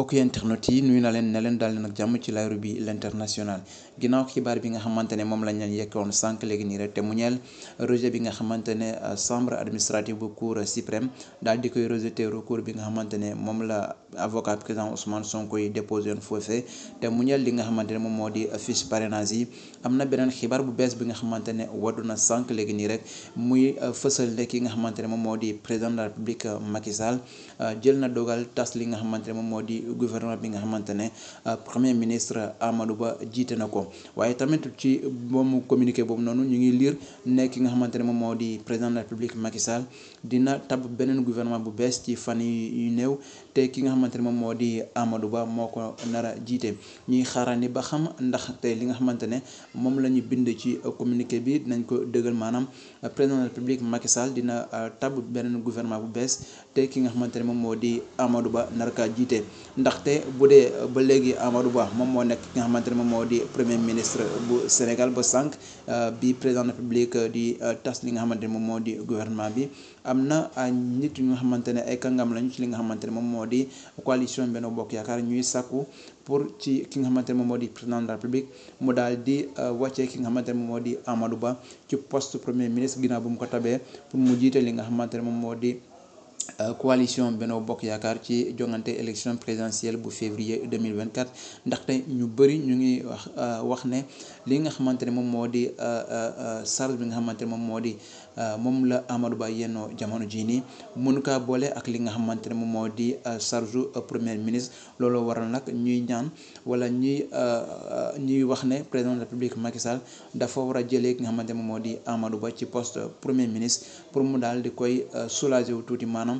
mbokk internet yi nuyu na leen ne leen daal leen jàmm ci layru bi l'international ginnaaw xibaar bi nga xamante moom lañ leen yekkoon sànq léegi nii rek te mu ñeel rejet bi nga xamante ne euh, chambre administrative bu cour suprême bi nga xamante ne moom la avocat président Ousmane Sonko yi déposé woon foofee te mu ñeel li nga xamante moom moo di fiche parrainage am na beneen xibaar bu bees bi nga xamante ne waddu na sànq léegi nii rek muy euh, fësal ne ki nga xamante moom moo di président de la république euh, Macky gouvernement bi nga xamante ne euh, premier ministre Amadou Ba jiite na ko waaye tamit ci moomu communiqué boobu noonu ñu ngi liir nekk ki nga xamante ne moom moo di président de la république Macky Sall dina beneen gouvernement bu bees ci fan yu néew te ki nga xamante ne moom moo di Amadou Ba moo ko nar a jiite ñuy xaarandi ba xam ndax tey li nga xamante ne moom la ñu bind ci communiqué bi dinañ ko dëggal maanaam président de la république Macky dina euh, tab beneen gouvernement bu bees te ki nga xamante ne moom moo di Amadou Ba nar kaa jiite. ndaxte bu dee ba léegi Amadou Ba moom moo nekk ki nga xamante moom moo di premier ministre bu Sénégal ba sànq euh, bi président République euh, di euh, tas li nga xamante ne moom moo di gouvernement bi am na nit ñu nga xamante ne ay kàngam lañu ci li nga xamante ne moom moo di coalition Benno Bokk Yaakaar ñuy sàkku pour ci ki nga xamante moom moo di président de République mu daal di wàccee ki nga xamante ne moom moo di Amadou Ba ci post premier ministre ginnaaw bu mu ko tabee pour mu jiite li nga xamante moom moo di Euh, coalition Benno Bokk Yaakaar ci jongante élection présidentielle bu février 2024 ndaxte ñu bëri ñu ngi wax euh, wax ne li nga xamante ne moom moo di euh, charge bi nga xamante ne moom moo di moom la Amadou Ba yennoo jamono jii nii mënu kaa boole ak li nga xamante ne moom moo di charge premier ministre loolu waral nag ñuy ñaan wala ñuy ñuy wax ne président de la République Macky Sall dafa war a jëlee ki nga xamante ne moom moo di Amadou Ba ci post premier ministre pour mu daal di koy soulager wu tuuti maanaam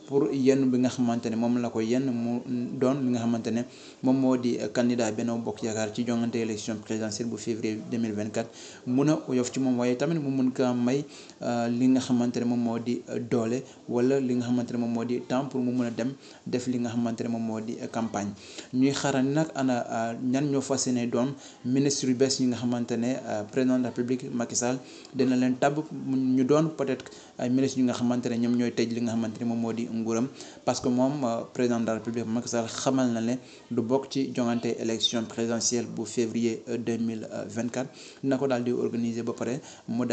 pour yenn bi nga xamante ne moom la ko yenn mu doon li nga xamante ne moom moo di candidat Benno Bokk Yaakaar ci jongante élection présidentielle bu février mun a oyof ci moom waaye tamit mu mun kaa may euh, li nga xamante moom moo di doole wala li nga xamante moom moo di temps pour mu mun a dem def li nga xamante moom moo di campagne ñuy xaarandi nag euh, ñan ñoo fas doon ministre yu bees yi nga xamante euh, président de République Macky Sall leen tabb ñu doon peut ministre yi nga xamante nguuram parce que moom euh, président de la république Macky Sall xamal na ne du bokk ci jongante élection présidentielle bu février euh, deux mille vingt quatre na ko daal di organiser euh, moom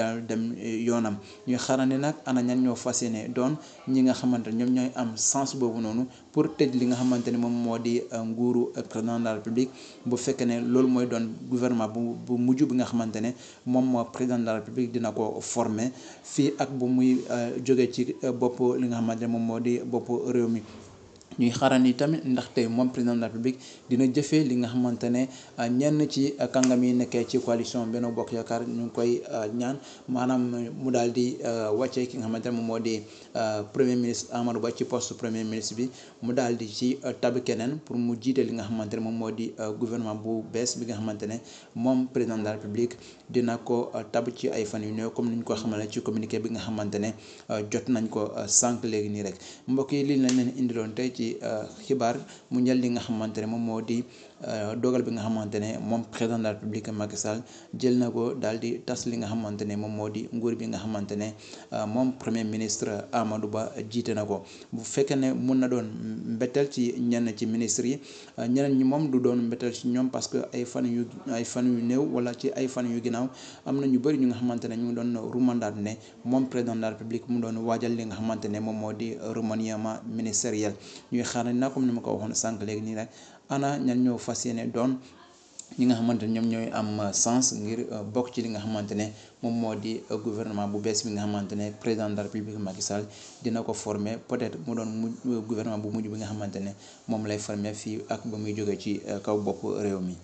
moo di bu fekkee ne loolu mooy doon gouvernement bu bu mujj bi nga xamante moom moo président de la république dina ko former fii ak bu muy jóge ci bopp li nga xamante moom moo di di bopp réew mi ñuy xarandi tamit ndaxte moom président de la république dina jëfee li nga xamante ne euh, ñenn ci kàngam yi nekkee ci coalition benn Bokk Yaakaar ñu ngi koy euh, ñaan maanaam mu daal di euh, wàccee ki nga xamante ne moom moo di premier ministre Amadou Ba ci poste premier ministre bi mu daal di ci tabb keneen pour mu jiite li nga xamante ne moom moo di gouvernement bu bees bi nga xamante ne moom président de la république dina ko tabb ci ay fan yu néew comme ni ñu ko xamale ci communiqué bi nga xamante ne jot nañ ko sànq léegi nii ci euh, xibaar mu ñel li nga xamante ne moom moo di Euh, dogal bi nga xamante ne moom président de la république Macky Sall jël na ko daal di tas li nga xamante ne moom moo di nguur bi nga xamante ne euh, moom premier ministre Amadou Ba jiite na ko bu fekkee ne mun na doon mbetteel ci ñenn ci ministres yi euh, ñeneen ñi moom du doon mbetteel ci ñoom parce que ay fan yu ay fan yu néew wala ci ay fan yu ginnaaw am na ñu bëri ñu nga xamante ne ñu ngi doon rumandaat ne moom président de la république mu doon waajal li nga xamante ne moom moo di remaniement ministériel ñuy xaar nag comme ni ma ko waxoon sànq léegi nii rek ana ñan ñëw fas yéene doon ñi nga xamante ne ñoom ñooy am sens ngir euh, bokk ci li nga xamante ne moom moo di euh, gouvernement bu bees bi nga xamante ne président de la république Macky dina ko former peut-être mu doon mu euh, gouvernement bu mujj bi nga xamante ne moom lay former fii ak ba muy jóge ci kaw bokk réew mi.